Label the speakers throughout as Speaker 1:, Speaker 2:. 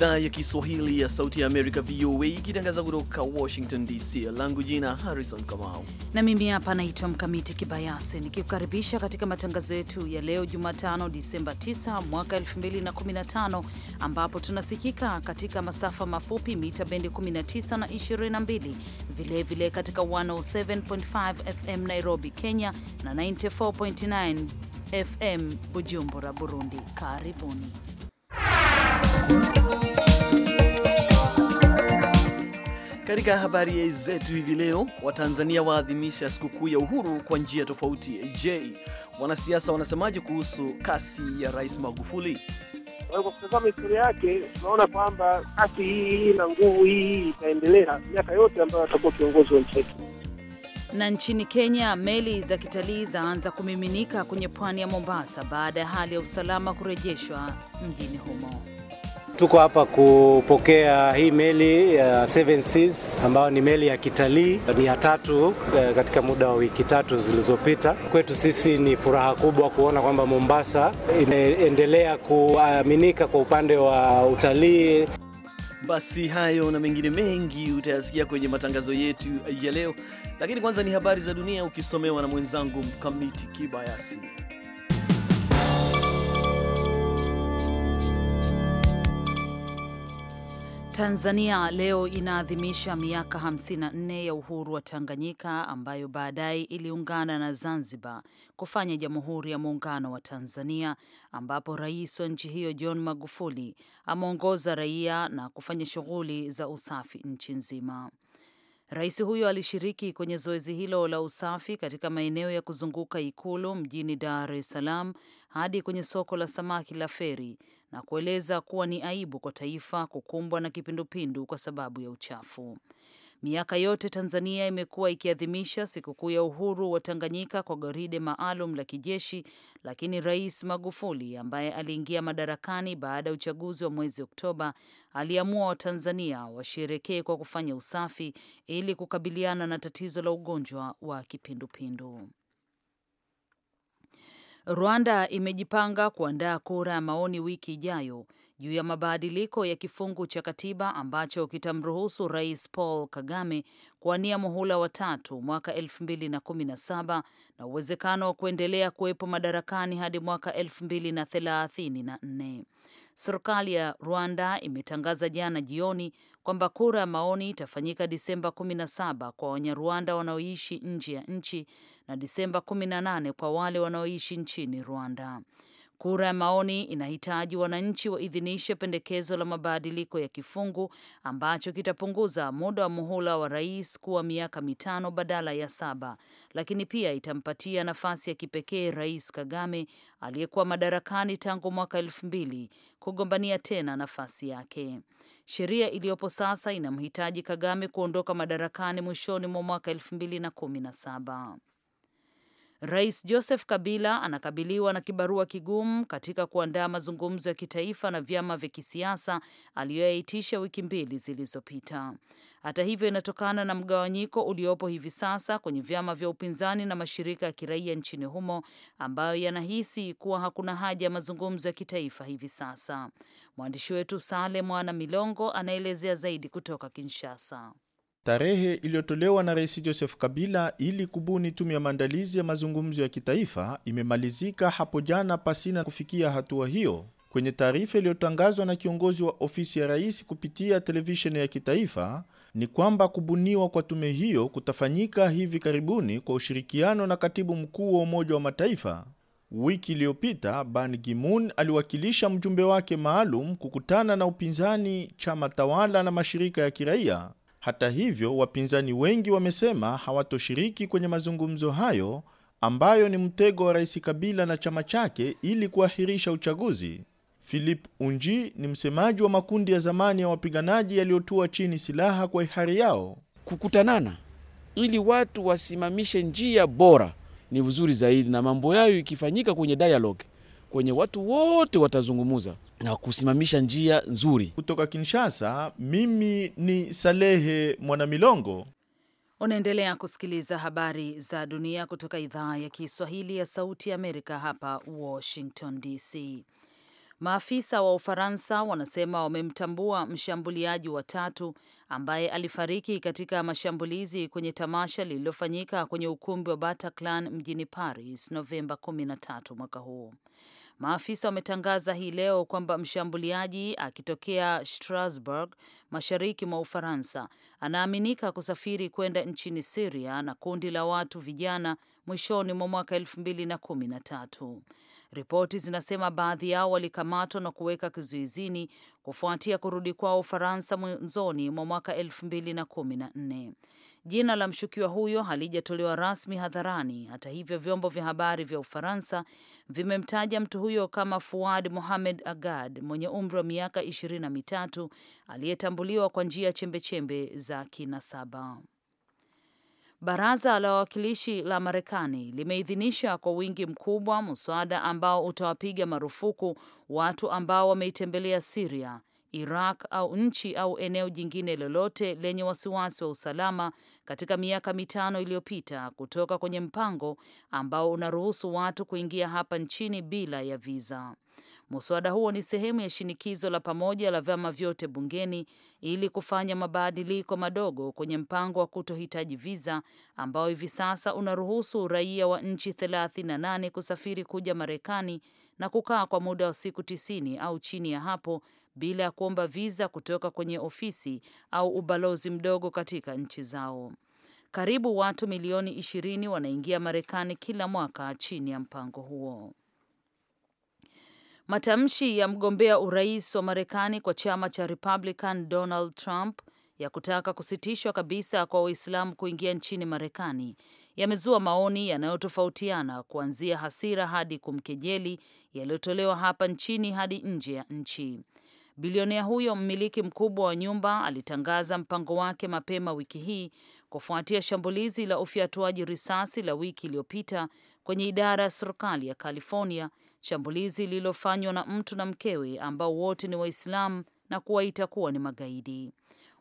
Speaker 1: idhaa ya Kiswahili ya Sauti ya Amerika, VOA, ikitangaza kutoka Washington DC. Langu jina Harrison Kamau
Speaker 2: na mimi hapa naitwa Mkamiti Kibayasi, nikikukaribisha katika matangazo yetu ya leo Jumatano, Disemba 9 mwaka 2015, ambapo tunasikika katika masafa mafupi mita bendi 19 na 22, vilevile vile katika 107.5 FM Nairobi, Kenya na 94.9 FM Bujumbura, Burundi. Karibuni.
Speaker 1: Katika habari zetu hivi leo, Watanzania waadhimisha sikukuu ya uhuru kwa njia tofauti. Je, wanasiasa wanasemaje kuhusu kasi ya Rais Magufuli?
Speaker 3: Kwa kutazama historia yake tunaona kwamba kasi hii na nguvu hii itaendelea miaka yote ambayo atakuwa kiongozi wa nchi yetu.
Speaker 2: Na nchini Kenya, meli za kitalii zaanza kumiminika kwenye pwani ya Mombasa baada ya hali ya usalama kurejeshwa mjini humo.
Speaker 4: Tuko hapa kupokea hii meli ya Seven Seas ambayo ni meli ya kitalii, ni ya tatu eh, katika muda wa wiki tatu zilizopita. Kwetu sisi ni furaha kubwa kuona kwamba Mombasa inaendelea kuaminika kwa upande wa utalii.
Speaker 1: Basi hayo na mengine mengi utayasikia kwenye matangazo yetu ya leo, lakini kwanza ni habari za dunia ukisomewa na mwenzangu Mkamiti Kibayasi.
Speaker 2: Tanzania leo inaadhimisha miaka 54 ya uhuru wa Tanganyika ambayo baadaye iliungana na Zanzibar kufanya Jamhuri ya Muungano wa Tanzania ambapo rais wa nchi hiyo John Magufuli ameongoza raia na kufanya shughuli za usafi nchi nzima. Rais huyo alishiriki kwenye zoezi hilo la usafi katika maeneo ya kuzunguka Ikulu mjini Dar es Salaam hadi kwenye soko la samaki la Feri na kueleza kuwa ni aibu kwa taifa kukumbwa na kipindupindu kwa sababu ya uchafu. Miaka yote Tanzania imekuwa ikiadhimisha sikukuu ya uhuru wa Tanganyika kwa gwaride maalum la kijeshi, lakini Rais Magufuli ambaye aliingia madarakani baada ya uchaguzi wa mwezi Oktoba aliamua Watanzania washerekee kwa kufanya usafi ili kukabiliana na tatizo la ugonjwa wa kipindupindu. Rwanda imejipanga kuandaa kura ya maoni wiki ijayo juu ya mabadiliko ya kifungu cha katiba ambacho kitamruhusu Rais Paul Kagame kuwania muhula wa tatu mwaka 2017 na uwezekano wa kuendelea kuwepo madarakani hadi mwaka 2034. Serikali ya Rwanda imetangaza jana jioni kwamba kura ya maoni itafanyika Disemba 17 kwa Wanyarwanda wanaoishi nje ya nchi na Disemba 18 kwa wale wanaoishi nchini Rwanda. Kura ya maoni inahitaji wananchi waidhinishe pendekezo la mabadiliko ya kifungu ambacho kitapunguza muda wa muhula wa rais kuwa miaka mitano badala ya saba, lakini pia itampatia nafasi ya kipekee Rais Kagame aliyekuwa madarakani tangu mwaka elfu mbili kugombania tena nafasi yake. Sheria iliyopo sasa inamhitaji Kagame kuondoka madarakani mwishoni mwa mwaka elfu mbili na kumi na saba. Rais Joseph Kabila anakabiliwa na kibarua kigumu katika kuandaa mazungumzo ya kitaifa na vyama vya kisiasa aliyoyaitisha wiki mbili zilizopita. Hata hivyo, inatokana na mgawanyiko uliopo hivi sasa kwenye vyama vya upinzani na mashirika ya kiraia nchini humo ambayo yanahisi kuwa hakuna haja ya mazungumzo ya kitaifa hivi sasa. Mwandishi wetu Sale Mwana Milongo anaelezea zaidi kutoka Kinshasa.
Speaker 5: Tarehe iliyotolewa na Rais Joseph Kabila ili kubuni tume ya maandalizi ya mazungumzo ya kitaifa imemalizika hapo jana pasina kufikia hatua hiyo. Kwenye taarifa iliyotangazwa na kiongozi wa ofisi ya rais kupitia televisheni ya kitaifa ni kwamba kubuniwa kwa tume hiyo kutafanyika hivi karibuni kwa ushirikiano na katibu mkuu wa Umoja wa Mataifa. Wiki iliyopita Ban Ki-moon aliwakilisha mjumbe wake maalum kukutana na upinzani, chama tawala na mashirika ya kiraia hata hivyo, wapinzani wengi wamesema hawatoshiriki kwenye mazungumzo hayo ambayo ni mtego wa Rais Kabila na chama chake ili kuahirisha uchaguzi. Philip Unji ni msemaji wa makundi ya zamani ya wapiganaji yaliyotua chini silaha kwa hiari yao. Kukutanana ili watu wasimamishe njia bora ni vizuri zaidi, na mambo yayo ikifanyika kwenye dialogue kwenye watu wote watazungumuza na kusimamisha njia nzuri. Kutoka Kinshasa, mimi ni Salehe Mwanamilongo.
Speaker 2: Unaendelea kusikiliza habari za dunia kutoka idhaa ya Kiswahili ya Sauti ya Amerika hapa Washington DC. Maafisa wa Ufaransa wanasema wamemtambua mshambuliaji wa tatu ambaye alifariki katika mashambulizi kwenye tamasha lililofanyika kwenye ukumbi wa Bataclan mjini Paris Novemba 13 mwaka huu. Maafisa wametangaza hii leo kwamba mshambuliaji akitokea Strasbourg, mashariki mwa Ufaransa, anaaminika kusafiri kwenda nchini Siria na kundi la watu vijana mwishoni mwa mwaka elfu mbili na kumi na tatu. Ripoti zinasema baadhi yao walikamatwa na kuweka kizuizini kufuatia kurudi kwao Ufaransa mwanzoni mwa mwaka elfu mbili na kumi na nne. Jina la mshukiwa huyo halijatolewa rasmi hadharani. Hata hivyo, vyombo vya habari vya Ufaransa vimemtaja mtu huyo kama Fuad Mohamed Agad mwenye umri wa miaka ishirini na mitatu aliyetambuliwa kwa njia ya chembechembe za kinasaba. Baraza la wawakilishi la Marekani limeidhinisha kwa wingi mkubwa mswada ambao utawapiga marufuku watu ambao wameitembelea Siria Iraq au nchi au eneo jingine lolote lenye wasiwasi wa usalama katika miaka mitano iliyopita kutoka kwenye mpango ambao unaruhusu watu kuingia hapa nchini bila ya viza. Muswada huo ni sehemu ya shinikizo la pamoja la vyama vyote bungeni ili kufanya mabadiliko madogo kwenye mpango wa kutohitaji viza ambao hivi sasa unaruhusu raia wa nchi 38 kusafiri kuja Marekani na kukaa kwa muda wa siku tisini au chini ya hapo bila ya kuomba viza kutoka kwenye ofisi au ubalozi mdogo katika nchi zao. Karibu watu milioni ishirini wanaingia Marekani kila mwaka chini ya mpango huo. Matamshi ya mgombea urais wa Marekani kwa chama cha Republican Donald Trump ya kutaka kusitishwa kabisa kwa Waislamu kuingia nchini Marekani yamezua maoni yanayotofautiana kuanzia hasira hadi kumkejeli yaliyotolewa hapa nchini hadi nje ya nchi. Bilionea huyo mmiliki mkubwa wa nyumba alitangaza mpango wake mapema wiki hii kufuatia shambulizi la ufyatuaji risasi la wiki iliyopita kwenye idara ya serikali ya California, shambulizi lililofanywa na mtu na mkewe ambao wote ni Waislamu na kuwaita kuwa ni magaidi.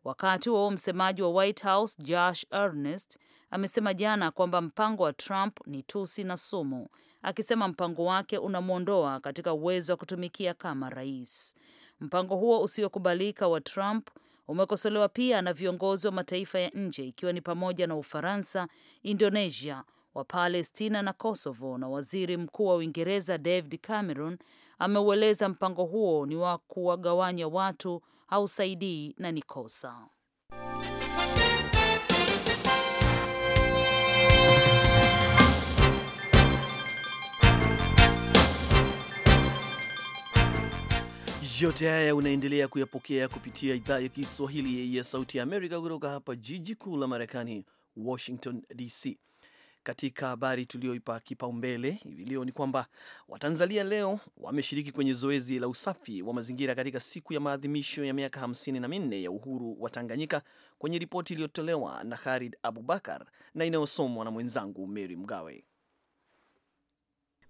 Speaker 2: Wakati huo msemaji wa White House Josh Earnest amesema jana kwamba mpango wa Trump ni tusi na sumu, akisema mpango wake unamwondoa katika uwezo wa kutumikia kama rais. Mpango huo usiokubalika wa Trump umekosolewa pia na viongozi wa mataifa ya nje ikiwa ni pamoja na Ufaransa, Indonesia, Wapalestina na Kosovo, na waziri mkuu wa Uingereza David Cameron ameueleza mpango huo ni wa kuwagawanya watu, hausaidii na ni kosa.
Speaker 1: Yote haya unaendelea kuyapokea kupitia idhaa ya Kiswahili ya Sauti ya Amerika kutoka hapa jiji kuu la Marekani, Washington DC. Katika habari tuliyoipa kipaumbele hivi leo ni kwamba Watanzania leo wameshiriki kwenye zoezi la usafi wa mazingira katika siku ya maadhimisho ya miaka hamsini na minne ya uhuru wa Tanganyika, kwenye ripoti iliyotolewa na harid Abubakar na inayosomwa na mwenzangu Mary Mgawe.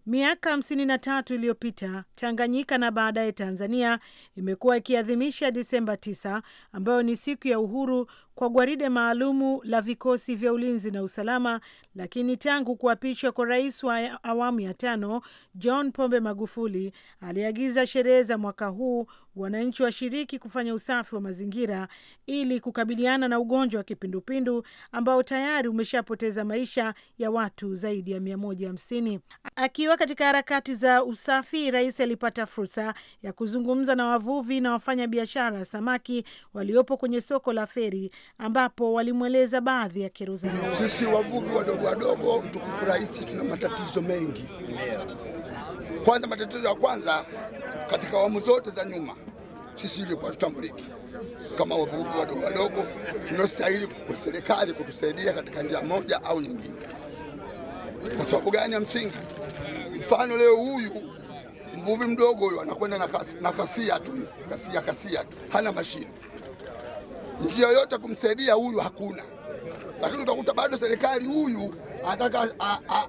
Speaker 6: Miaka 53 iliyopita Tanganyika na baadaye Tanzania imekuwa ikiadhimisha Disemba 9 ambayo ni siku ya uhuru kwa gwaride maalumu la vikosi vya ulinzi na usalama, lakini tangu kuapishwa kwa rais wa awamu ya tano John Pombe Magufuli aliagiza sherehe za mwaka huu wananchi washiriki kufanya usafi wa mazingira ili kukabiliana na ugonjwa wa kipindupindu ambao tayari umeshapoteza maisha ya watu zaidi ya 150. Akiwa katika harakati za usafi, rais alipata fursa ya kuzungumza na wavuvi na wafanya biashara samaki waliopo kwenye soko la Feri ambapo walimweleza baadhi ya kero zao. Sisi
Speaker 7: wavuvi wadogo wadogo, mtukufu Rais, tuna matatizo mengi. Kwanza, matatizo ya kwanza katika awamu zote za nyuma, sisi ilikuwa tutambuliki kama wavuvi wadogo wadogo tunaostahili kwa serikali kutusaidia katika njia moja au nyingine. Kwa sababu gani ya msingi? Mfano, leo huyu mvuvi mdogo huyu anakwenda na kasia tu, kasia kasia tu, hana mashine njia yoyote kumsaidia huyu hakuna, lakini utakuta bado serikali huyu anataka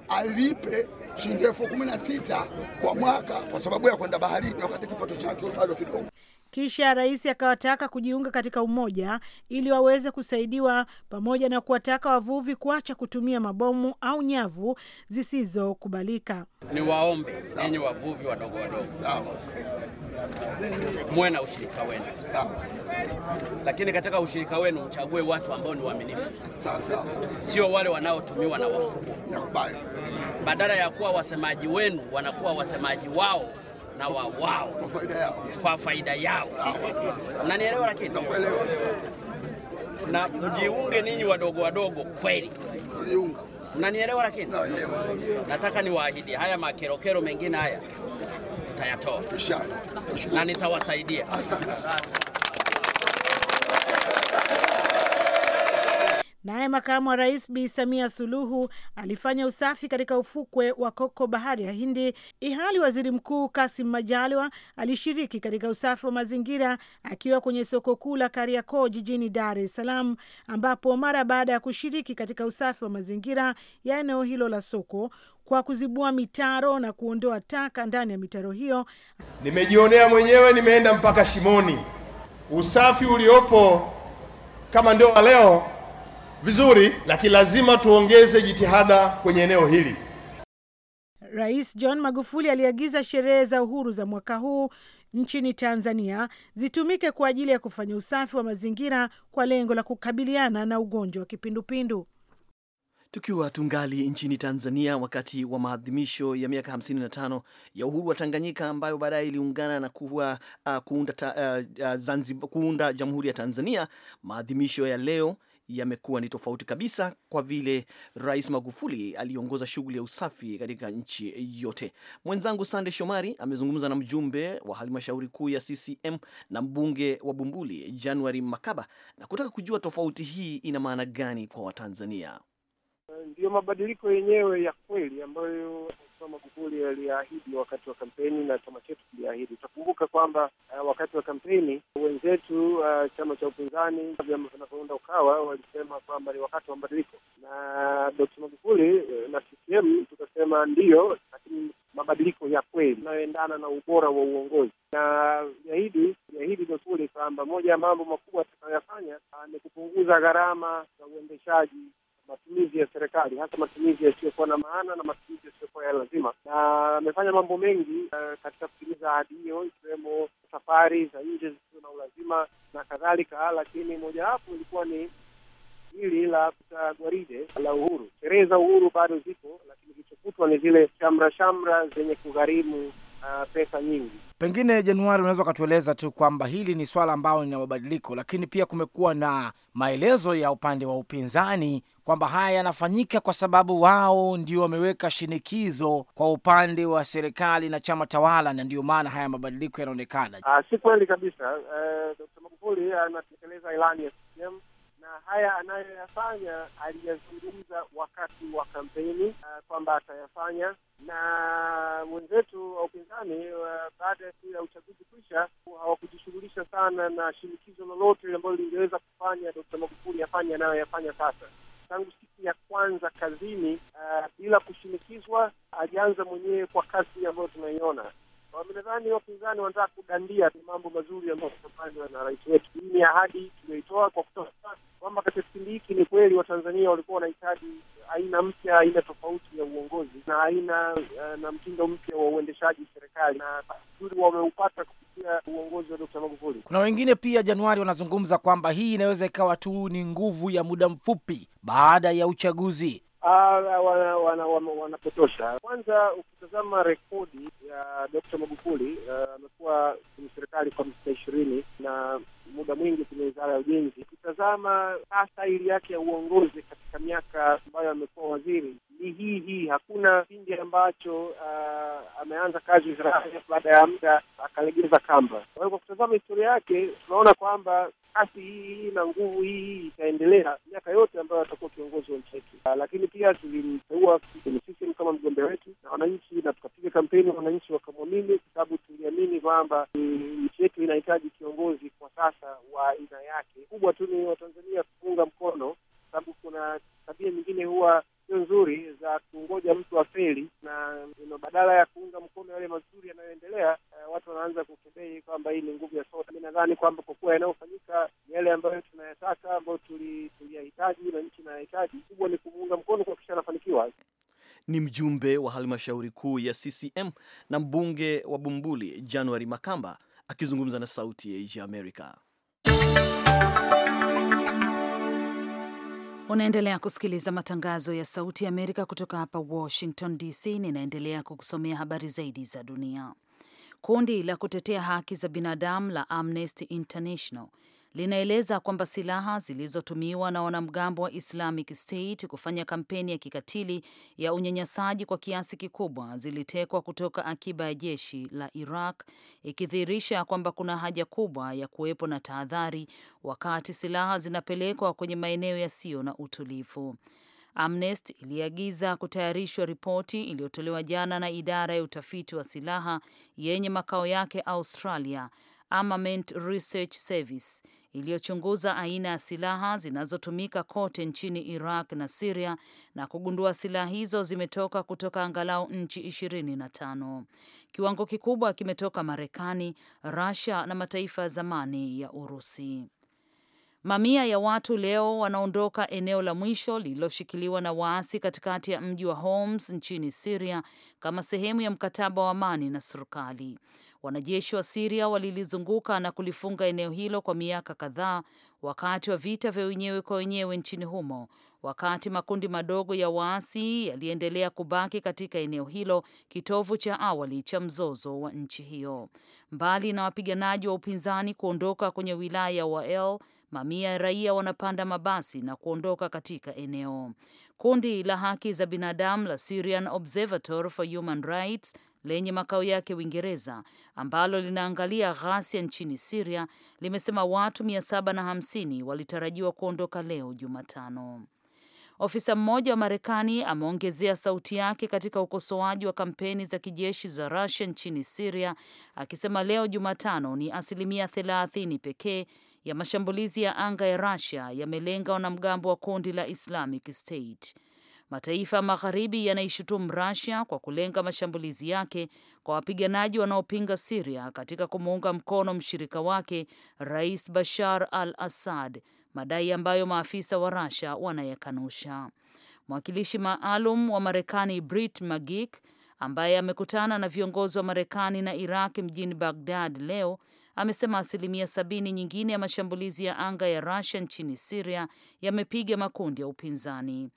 Speaker 7: alipe shilingi elfu kumi na sita kwa mwaka kwa sababu ya kwenda baharini, wakati kipato
Speaker 6: chake bado kidogo. Kisha rais akawataka kujiunga katika umoja ili waweze kusaidiwa, pamoja na kuwataka wavuvi kuacha kutumia mabomu au nyavu zisizokubalika. Ni waombe ninyi wavuvi
Speaker 5: wadogo wadogo, muwe na ushirika wenu sawa,
Speaker 1: lakini katika ushirika wenu mchague watu ambao ni waaminifu, sio wale wanaotumiwa na wakubwa. Badala ya kuwa wasemaji wenu, wanakuwa wasemaji wao na wa wao kwa faida yao, kwa faida yao. Lakini na mjiunge ninyi wadogo wadogo kweli, nanielewa Lakini nataka niwaahidi haya makerokero mengine haya tutayatoa na nitawasaidia.
Speaker 6: Naye makamu wa rais Bi Samia Suluhu alifanya usafi katika ufukwe wa Koko, bahari ya Hindi, ihali waziri mkuu Kasim Majaliwa alishiriki katika usafi wa mazingira akiwa kwenye soko kuu la Kariakoo jijini Dar es Salaam, ambapo mara baada ya kushiriki katika usafi wa mazingira ya eneo hilo la soko kwa kuzibua mitaro na kuondoa taka ndani ya mitaro hiyo,
Speaker 5: nimejionea mwenyewe, nimeenda mpaka Shimoni. Usafi uliopo kama ndio wa leo vizuri, lakini lazima tuongeze jitihada kwenye eneo hili.
Speaker 6: Rais John Magufuli aliagiza sherehe za uhuru za mwaka huu nchini Tanzania zitumike kwa ajili ya kufanya usafi wa mazingira kwa lengo la kukabiliana na ugonjwa wa kipindupindu.
Speaker 1: Tukiwa tungali nchini Tanzania, wakati wa maadhimisho ya miaka 55 ya uhuru wa Tanganyika ambayo baadaye iliungana na kuwa, uh, kuunda, uh, uh, Zanzibar, kuunda Jamhuri ya Tanzania, maadhimisho ya leo yamekuwa ni tofauti kabisa kwa vile Rais Magufuli aliongoza shughuli ya usafi katika nchi yote. Mwenzangu Sande Shomari amezungumza na mjumbe wa halmashauri kuu ya CCM na mbunge wa Bumbuli January Makaba na kutaka kujua tofauti hii ina maana gani kwa Watanzania.
Speaker 3: Ndiyo mabadiliko yenyewe ya kweli ambayo Magufuli aliahidi wakati wa kampeni na chama chetu kiliahidi. Utakumbuka kwamba uh, wakati wa kampeni wenzetu uh, chama cha upinzani, vyama vinavyounda Ukawa walisema kwamba ni wakati wa mabadiliko, na Dkt. Magufuli uh, na CCM tukasema ndiyo, lakini mabadiliko ya kweli yanayoendana na ubora wa uongozi na jahidi jahidi Magufuli kwamba moja ya mambo makubwa atakayofanya uh, ni kupunguza gharama za uendeshaji matumizi ya serikali, hasa matumizi yasiyokuwa na maana na matumizi yasiyokuwa ya lazima, na amefanya mambo mengi uh, katika kutimiza ahadi hiyo, ikiwemo safari za nje zisizo na ulazima na kadhalika, lakini mojawapo ilikuwa ni
Speaker 2: hili la
Speaker 3: gwaride la uhuru. Sherehe za uhuru bado zipo, lakini kilichokutwa ni zile shamra shamra zenye kugharimu uh, pesa nyingi.
Speaker 7: Pengine Januari, unaweza ukatueleza tu kwamba hili ni swala ambalo lina mabadiliko, lakini pia kumekuwa na maelezo ya upande wa upinzani kwamba haya yanafanyika kwa sababu wao ndio wameweka shinikizo kwa upande wa serikali na chama tawala, na ndio maana haya mabadiliko yanaonekana. Ah,
Speaker 3: si kweli kabisa. Eh, Dkt. Magufuli anatekeleza ilani ya haya anayoyafanya aliyazungumza wakati wa kampeni uh, kwamba atayafanya na mwenzetu wa upinzani uh, baada ya siku uchaguzi kuisha hawakujishughulisha sana na shinikizo lolote ambalo lingeweza kufanya Dkt. Magufuli afanye anayoyafanya sasa. Tangu siku ya kwanza kazini, uh, bila kushinikizwa, alianza mwenyewe kwa kasi ambayo tunaiona. Wamenadhani wapinzani wanataka kudandia mambo mazuri ambayo yanafanywa na rais wetu. Hii ni ahadi tumeitoa kwa kutoa kwamba katika kipindi hiki ni kweli Watanzania walikuwa wanahitaji aina mpya, aina tofauti ya uongozi na aina eh, na mtindo mpya wa uendeshaji serikali, na uzuri wameupata kupitia uongozi wa Dokta Magufuli.
Speaker 7: Kuna wengine pia Januari wanazungumza kwamba hii inaweza ikawa tu ni nguvu ya muda mfupi baada ya uchaguzi.
Speaker 3: Uh, ah, wanapotosha wana, wana, wana kwanza. Ukitazama rekodi ya Dokta Magufuli eh, amekuwa uh, kwenye serikali kwa miaka ishirini na muda mwingi kwenye wizara ya ujenzi. Ukitazama sasa ili yake ya uongozi katika miaka ambayo amekuwa waziri ni hii hii. Hakuna kipindi ambacho uh, ameanza kazi Israeli baada ya muda akalegeza kamba. Kwa hiyo kwa kutazama historia yake tunaona kwamba kasi hii hii na nguvu hii hii itaendelea miaka yote ambayo atakuwa kiongozi wa nchi yetu. Uh, lakini pia tulimteua sisem kama mgombea wetu na wananchi, na tukapiga kampeni, wananchi wakamwamini, kwa sababu tuliamini kwamba nchi yetu inahitaji kiongozi kwa sasa wa aina yake. Kubwa tu ni Watanzania kuunga mkono, sababu kuna tabia nyingine huwa sio nzuri za kungoja mtu feli, na badala ya kuunga mkono yale mazuri yanayoendelea, uh, watu wanaanza kukebei kwamba hii ni nguvu ya soda. Mi nadhani kwamba kwa kuwa yanayofanyika ni yale ambayo tunayataka, ambayo tuliyahitaji na nchi inayahitaji, kubwa ni kumuunga mkono kuhakikisha anafanikiwa.
Speaker 1: Ni mjumbe wa halmashauri kuu ya CCM na mbunge wa Bumbuli January Makamba akizungumza na Sauti ya Amerika.
Speaker 2: Unaendelea kusikiliza matangazo ya Sauti ya Amerika kutoka hapa Washington DC. Ninaendelea kukusomea habari zaidi za dunia. Kundi la kutetea haki za binadamu la Amnesty International linaeleza kwamba silaha zilizotumiwa na wanamgambo wa Islamic State kufanya kampeni ya kikatili ya unyanyasaji kwa kiasi kikubwa zilitekwa kutoka akiba ya jeshi la Iraq, ikidhihirisha kwamba kuna haja kubwa ya kuwepo na tahadhari wakati silaha zinapelekwa kwenye maeneo yasiyo na utulivu. Amnesty iliagiza kutayarishwa ripoti iliyotolewa jana na idara ya utafiti wa silaha yenye makao yake Australia Armament Research Service iliyochunguza aina ya silaha zinazotumika kote nchini Iraq na Siria na kugundua silaha hizo zimetoka kutoka angalau nchi ishirini na tano. Kiwango kikubwa kimetoka Marekani, Russia na mataifa ya zamani ya Urusi. Mamia ya watu leo wanaondoka eneo la mwisho lililoshikiliwa na waasi katikati ya mji wa Homs nchini Syria kama sehemu ya mkataba wa amani na serikali. Wanajeshi wa Siria walilizunguka na kulifunga eneo hilo kwa miaka kadhaa wakati wa vita vya wenyewe kwa wenyewe nchini humo, wakati makundi madogo ya waasi yaliendelea kubaki katika eneo hilo, kitovu cha awali cha mzozo wa nchi hiyo. Mbali na wapiganaji wa upinzani kuondoka kwenye wilaya ya Wael, mamia ya raia wanapanda mabasi na kuondoka katika eneo. Kundi la haki za binadamu la Syrian Observatory for Human Rights lenye makao yake Uingereza ambalo linaangalia ghasia nchini Siria limesema watu 750 walitarajiwa kuondoka leo Jumatano. Ofisa mmoja wa Marekani ameongezea sauti yake katika ukosoaji wa kampeni za kijeshi za Rusia nchini Siria akisema leo Jumatano ni asilimia 30 pekee ya mashambulizi ya anga ya Rusia yamelenga wanamgambo wa kundi la Islamic State. Mataifa magharibi yanaishutumu Russia kwa kulenga mashambulizi yake kwa wapiganaji wanaopinga Syria katika kumuunga mkono mshirika wake Rais Bashar al-Assad, madai ambayo maafisa wa Russia wanayakanusha. Mwakilishi maalum wa Marekani Brit Magik ambaye amekutana na viongozi wa Marekani na Iraq mjini Baghdad leo amesema asilimia sabini nyingine ya mashambulizi ya anga ya Russia nchini Syria yamepiga makundi ya upinzani.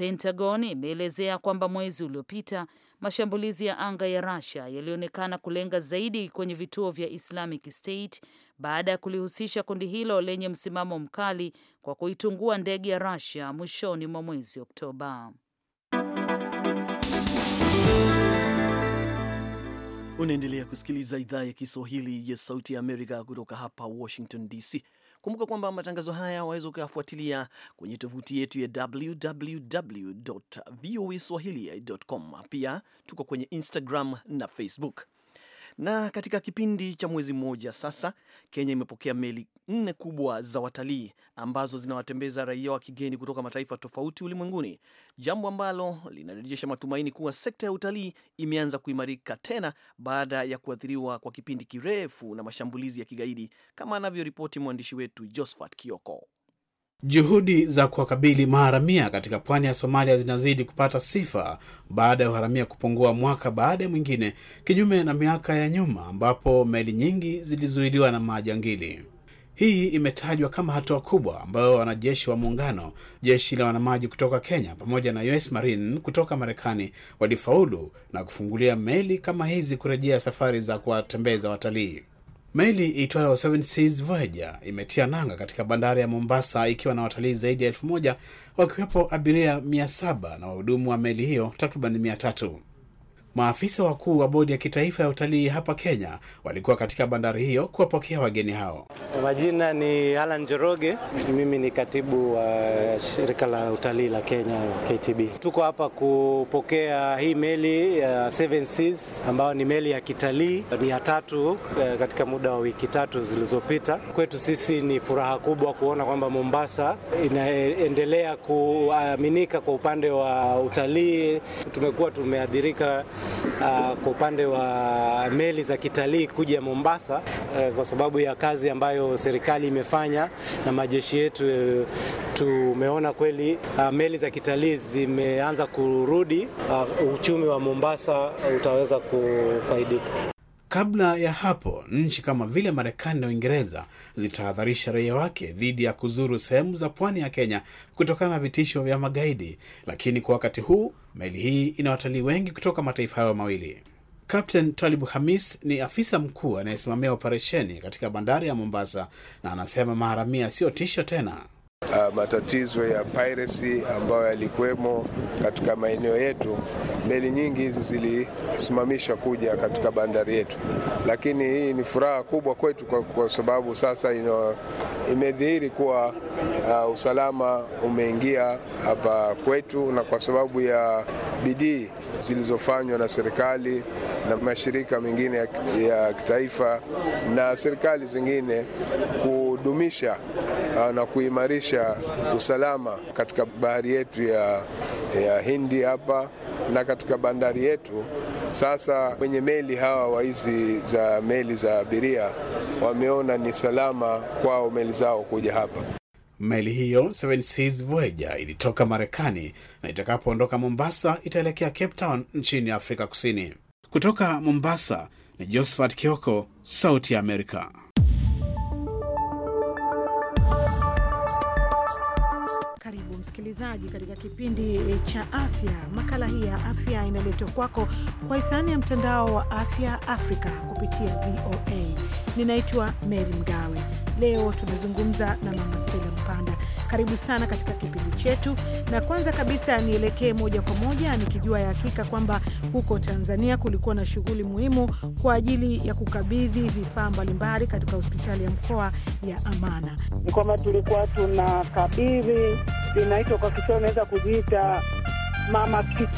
Speaker 2: Pentagon imeelezea kwamba mwezi uliopita mashambulizi ya anga ya Russia yalionekana kulenga zaidi kwenye vituo vya Islamic State baada ya kulihusisha kundi hilo lenye msimamo mkali kwa kuitungua ndege ya Russia mwishoni mwa mwezi Oktoba.
Speaker 1: Unaendelea kusikiliza idhaa ya Kiswahili ya Sauti ya Amerika kutoka hapa Washington DC. Kumbuka kwamba matangazo haya waweza ukayafuatilia kwenye tovuti yetu ya www voa swahili.com. Pia tuko kwenye Instagram na Facebook. Na katika kipindi cha mwezi mmoja sasa, Kenya imepokea meli nne kubwa za watalii ambazo zinawatembeza raia wa kigeni kutoka mataifa tofauti ulimwenguni, jambo ambalo linarejesha matumaini kuwa sekta ya utalii imeanza kuimarika tena baada ya kuathiriwa kwa kipindi kirefu na mashambulizi ya kigaidi, kama anavyoripoti mwandishi wetu Josphat
Speaker 5: Kioko. Juhudi za kuwakabili maharamia katika pwani ya Somalia zinazidi kupata sifa baada ya uharamia kupungua mwaka baada ya mwingine, kinyume na miaka ya nyuma ambapo meli nyingi zilizuiliwa na majangili. Hii imetajwa kama hatua kubwa ambayo wanajeshi wa muungano, jeshi la wanamaji kutoka Kenya pamoja na US Marine kutoka Marekani walifaulu na kufungulia meli kama hizi kurejea safari za kuwatembeza watalii. Meli itwayo Voyager imetia nanga katika bandari ya Mombasa ikiwa na watalii zaidi ya elfu moja wakiwepo abiria mia saba na wahudumu wa meli hiyo takriban mia tatu. Maafisa wakuu wa bodi ya kitaifa ya utalii hapa Kenya walikuwa katika bandari hiyo kuwapokea wageni hao.
Speaker 4: Majina ni Alan jeroge mimi ni katibu wa shirika la utalii la Kenya KTB. Tuko hapa kupokea hii meli ya Seven Seas ambayo ni meli ya kitalii, ni ya tatu eh, katika muda wa wiki tatu zilizopita. Kwetu sisi ni furaha kubwa kuona kwamba Mombasa inaendelea kuaminika kwa upande wa utalii. Tumekuwa tumeathirika Ah, kwa upande wa meli za kitalii kuja Mombasa uh, kwa sababu ya kazi ambayo serikali imefanya na majeshi yetu uh, tumeona kweli uh, meli za kitalii zimeanza kurudi. Uh, uchumi wa Mombasa utaweza kufaidika.
Speaker 5: Kabla ya hapo, nchi kama vile Marekani na Uingereza zitahadharisha raia wake dhidi ya kuzuru sehemu za pwani ya Kenya kutokana na vitisho vya magaidi, lakini kwa wakati huu meli hii ina watalii wengi kutoka mataifa hayo mawili. Captain Twalibu Hamis ni afisa mkuu anayesimamia operesheni katika bandari ya Mombasa, na anasema maharamia sio tisho tena uh, matatizo ya piracy ambayo yalikuwemo katika maeneo yetu. Meli nyingi hizi zilisimamishwa kuja katika bandari yetu, lakini hii ni furaha kubwa kwetu kwa, kwa sababu sasa ino, imedhihiri kuwa uh, usalama umeingia hapa kwetu, na kwa sababu ya bidii zilizofanywa na serikali na mashirika mengine ya, ya kitaifa na serikali zingine ku kudumisha uh, na kuimarisha usalama katika bahari yetu ya, ya Hindi hapa na katika bandari yetu. Sasa kwenye meli hawa wa hizi za meli za abiria wameona ni salama kwao meli zao kuja hapa. Meli hiyo Seven Seas Voyager ilitoka Marekani na itakapoondoka Mombasa itaelekea Cape Town nchini Afrika Kusini. Kutoka Mombasa ni Josephat Kioko, Sauti ya Amerika.
Speaker 6: Karibu msikilizaji katika kipindi eh, cha afya. Makala hii ya afya inaletwa kwako kwa hisani ya mtandao wa afya Afrika kupitia VOA. Ninaitwa Meri Mgawe. Leo tunazungumza na Mama Stela Mpanda karibu sana katika kipindi chetu, na kwanza kabisa nielekee moja kwa moja nikijua ya hakika kwamba huko Tanzania kulikuwa na shughuli muhimu kwa ajili ya kukabidhi vifaa mbalimbali katika hospitali ya mkoa ya Amana. Ni kwamba
Speaker 8: tulikuwa kabidhi, zinaitwa kwa Kiswahili, unaweza kuziita mama kit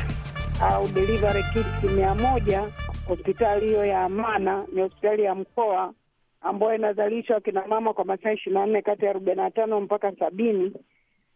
Speaker 8: au delivery kit mia moja. Hospitali hiyo ya Amana ni hospitali ya mkoa ambayo inazalishwa kina mama kwa masaa ishirini na nne kati ya arobaini na tano mpaka sabini.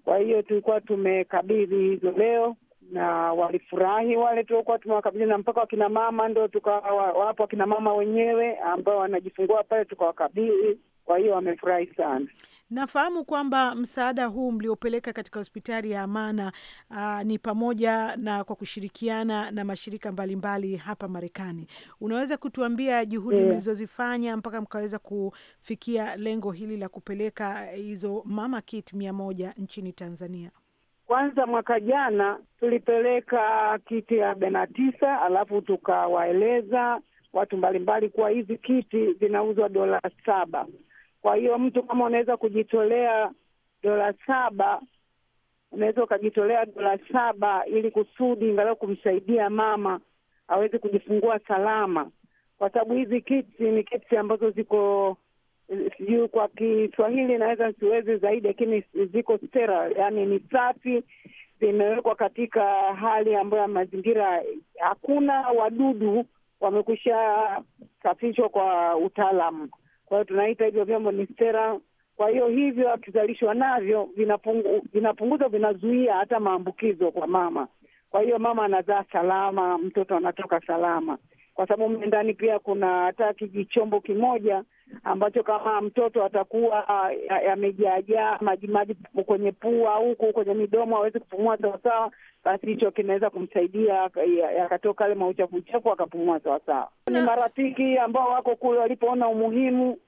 Speaker 8: Kwa hiyo tulikuwa tumekabidhi hizo leo na walifurahi wale tuliokuwa tumewakabidhi, na mpaka wakina mama ndo tukawapo wakina mama wenyewe ambao wanajifungua pale tukawakabidhi. Kwa hiyo wamefurahi sana.
Speaker 6: Nafahamu kwamba msaada huu mliopeleka katika hospitali ya Amana aa, ah, ni pamoja na kwa kushirikiana na mashirika mbalimbali mbali hapa Marekani. Unaweza kutuambia juhudi mlizozifanya mpaka mkaweza kufikia lengo hili la kupeleka hizo mama kit mia moja nchini Tanzania?
Speaker 8: Kwanza mwaka jana tulipeleka kiti arobaini na tisa alafu tukawaeleza watu mbalimbali kuwa hizi kiti zinauzwa dola saba. Kwa hiyo mtu kama unaweza kujitolea dola saba, unaweza ukajitolea dola saba ili kusudi ingalau kumsaidia mama aweze kujifungua salama, kwa sababu hizi kiti ni kiti ambazo ziko sijui kwa Kiswahili naweza siwezi zaidi, lakini ziko stera, yani ni safi, zimewekwa katika hali ambayo ya mazingira, hakuna wadudu, wamekusha safishwa kwa utaalamu kwa hiyo tunaita hivyo vyombo ni stera. Kwa hiyo hivyo akizalishwa navyo vinapungu, vinapunguza vinazuia hata maambukizo kwa mama. Kwa hiyo mama anazaa salama, mtoto anatoka salama, kwa sababu mle ndani pia kuna hata kijichombo kimoja ambacho kama mtoto atakuwa amejaajaa majimaji kwenye pua huku kwenye midomo, awezi kupumua sawasawa, basi hicho kinaweza kumsaidia akatoka yale mauchafuchafu akapumua sawasawa. Ni marafiki ambao wako kule walipoona umuhimu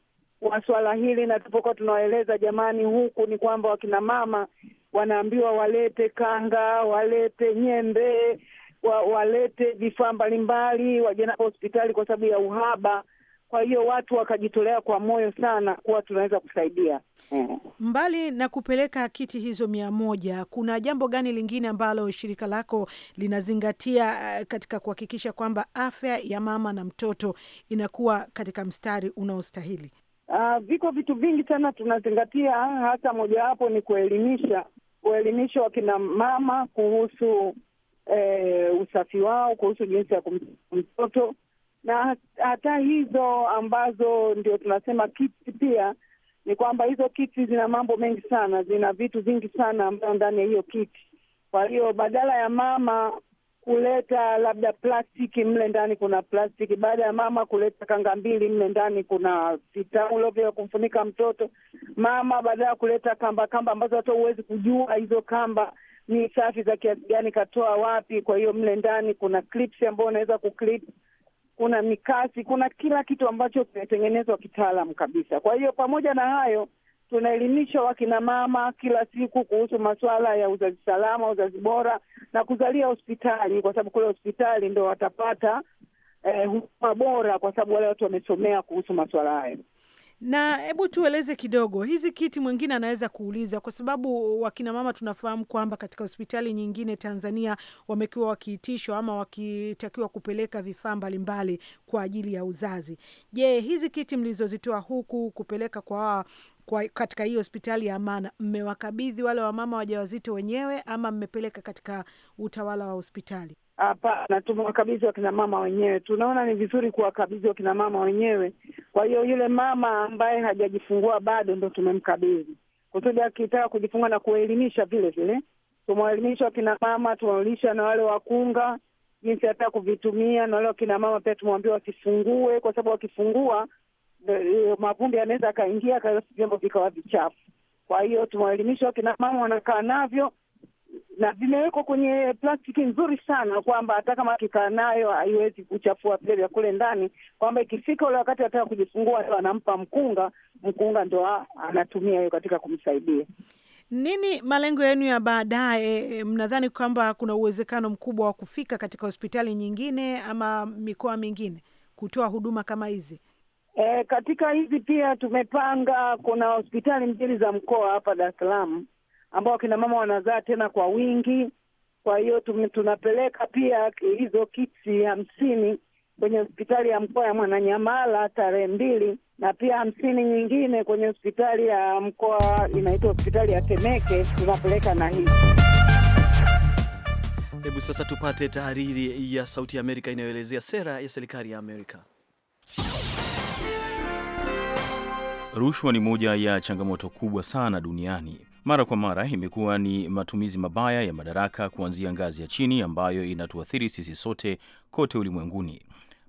Speaker 8: wa swala hili, na tupokuwa tunawaeleza jamani, huku ni kwamba wakina mama wanaambiwa walete kanga, walete nyembe wa, walete vifaa mbalimbali wajenapo hospitali kwa sababu ya uhaba kwa hiyo watu wakajitolea kwa moyo sana kuwa tunaweza kusaidia. Mm.
Speaker 6: Mbali na kupeleka kiti hizo mia moja, kuna jambo gani lingine ambalo shirika lako linazingatia eh, katika kuhakikisha kwamba afya ya mama na mtoto inakuwa katika mstari unaostahili?
Speaker 8: Uh, viko vitu vingi sana tunazingatia, hasa mojawapo ni kuelimisha kuelimisha wakina mama kuhusu eh, usafi wao, kuhusu jinsi ya kumtoto na hata hizo ambazo ndio tunasema kiti pia ni kwamba hizo kiti zina mambo mengi sana, zina vitu vingi sana ambayo ndani ya hiyo kiti. Kwa hiyo badala ya mama kuleta labda plastiki mle ndani kuna plastiki, baada ya mama kuleta kanga mbili mle ndani kuna vitaulo vya kumfunika mtoto. Mama badala ya kuleta kamba kamba ambazo hata huwezi kujua hizo kamba ni safi za kiasi gani, katoa wapi. Kwa hiyo mle ndani kuna clips ambayo unaweza kuclip kuna mikasi, kuna kila kitu ambacho kimetengenezwa kitaalam kabisa. Kwa hiyo pamoja na hayo, tunaelimisha wakinamama kila siku kuhusu masuala ya uzazi salama, uzazi bora na kuzalia hospitali, kwa sababu kule hospitali ndo watapata eh, huduma eh, bora, kwa sababu wale watu wamesomea kuhusu masuala hayo.
Speaker 6: Na hebu tueleze kidogo hizi kiti, mwingine anaweza kuuliza, kwa sababu wakinamama tunafahamu kwamba katika hospitali nyingine Tanzania wamekuwa wakiitishwa ama wakitakiwa kupeleka vifaa mbalimbali kwa ajili ya uzazi. Je, hizi kiti mlizozitoa huku kupeleka kwa kwa katika hii hospitali ya Amana mmewakabidhi wale wamama wajawazito wenyewe ama mmepeleka katika utawala wa hospitali?
Speaker 8: Hapana, tumewakabidhi mama wenyewe. Tunaona ni vizuri kuwakabidhi mama wenyewe. Kwa hiyo yule mama ambaye hajajifungua bado ndo tumemkabidhi, kusudi akitaka kujifunga na kuwaelimisha vile vile. Tumewaelimisha wakinamama, tumewaelimisha na wale wakunga jinsi hata kuvitumia, na wale wakinamama pia tumewambia wasifungue, kwa sababu wakifungua eh, mavumbi anaweza akaingia, vyombo vikawa vichafu. Kwa hiyo tumewaelimisha wakinamama, wanakaa navyo na vimewekwa kwenye plastiki nzuri sana, kwamba hata kama tukaa nayo haiwezi kuchafua vile vya kule ndani, kwamba ikifika ule wakati anataka kujifungua, ndo anampa mkunga, mkunga ndo anatumia hiyo katika kumsaidia.
Speaker 6: Nini malengo yenu ya baadaye? Mnadhani kwamba kuna uwezekano mkubwa wa kufika katika hospitali nyingine ama mikoa mingine kutoa huduma kama hizi?
Speaker 8: E, katika hizi pia tumepanga, kuna hospitali mbili za mkoa hapa Dar es Salaam ambao akina mama wanazaa tena kwa wingi. Kwa hiyo tunapeleka pia hizo kiti hamsini kwenye hospitali ya mkoa ya Mwananyamala tarehe mbili na pia hamsini nyingine kwenye hospitali ya mkoa inaitwa hospitali ya Temeke tunapeleka na hii.
Speaker 1: Hebu sasa tupate tahariri ya Sauti ya Amerika inayoelezea sera ya serikali ya Amerika.
Speaker 7: Rushwa ni moja ya changamoto kubwa sana duniani mara kwa mara imekuwa ni matumizi mabaya ya madaraka kuanzia ngazi ya chini ambayo inatuathiri sisi sote kote ulimwenguni.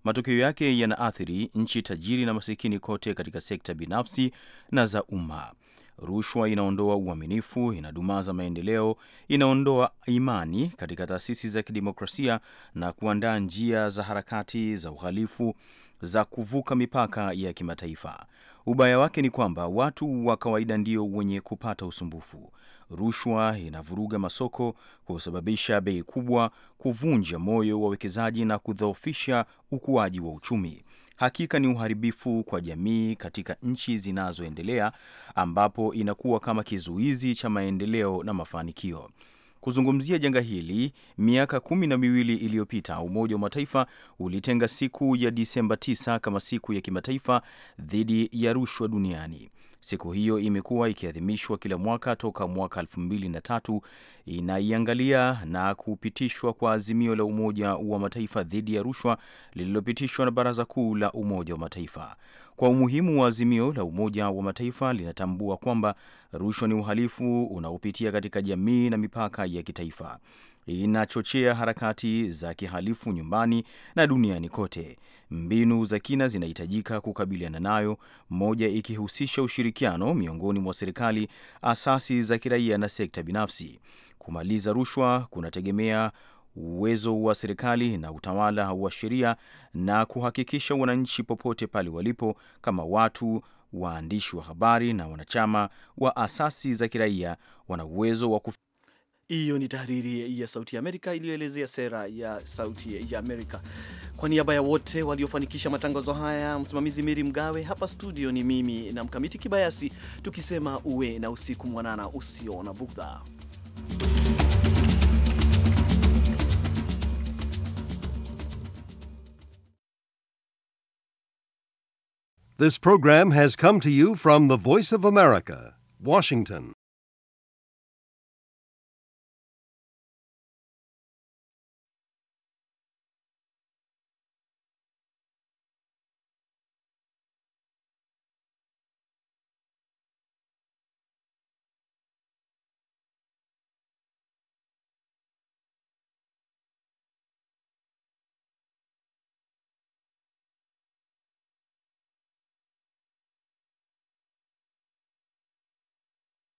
Speaker 7: Matokeo yake yanaathiri nchi tajiri na masikini kote katika sekta binafsi na za umma. Rushwa inaondoa uaminifu, inadumaza maendeleo, inaondoa imani katika taasisi za kidemokrasia na kuandaa njia za harakati za uhalifu za kuvuka mipaka ya kimataifa. Ubaya wake ni kwamba watu wa kawaida ndio wenye kupata usumbufu. Rushwa inavuruga masoko, kusababisha bei kubwa, kuvunja moyo wa wawekezaji na kudhoofisha ukuaji wa uchumi. Hakika ni uharibifu kwa jamii katika nchi zinazoendelea, ambapo inakuwa kama kizuizi cha maendeleo na mafanikio. Kuzungumzia janga hili, miaka kumi na miwili iliyopita Umoja wa Mataifa ulitenga siku ya Disemba 9 kama siku ya kimataifa dhidi ya rushwa duniani. Siku hiyo imekuwa ikiadhimishwa kila mwaka toka mwaka 2003 inaiangalia na kupitishwa kwa azimio la Umoja wa Mataifa dhidi ya rushwa lililopitishwa na Baraza Kuu la Umoja wa Mataifa. Kwa umuhimu wa azimio la Umoja wa Mataifa, linatambua kwamba rushwa ni uhalifu unaopitia katika jamii na mipaka ya kitaifa inachochea harakati za kihalifu nyumbani na duniani kote. Mbinu za kina zinahitajika kukabiliana nayo, moja ikihusisha ushirikiano miongoni mwa serikali, asasi za kiraia na sekta binafsi. Kumaliza rushwa kunategemea uwezo wa serikali na utawala wa sheria na kuhakikisha wananchi popote pale walipo kama watu waandishi wa habari na wanachama wa asasi za kiraia wana uwezo wa
Speaker 1: Hiyo ni tahariri ya Sauti ya Amerika iliyoelezea sera ya Sauti ya Amerika. Kwa niaba ya wote waliofanikisha matangazo haya, msimamizi Miri Mgawe, hapa studio ni mimi na Mkamiti Kibayasi, tukisema uwe na usiku mwanana usio na bughudha.
Speaker 3: This program has come to you from the Voice of America, Washington.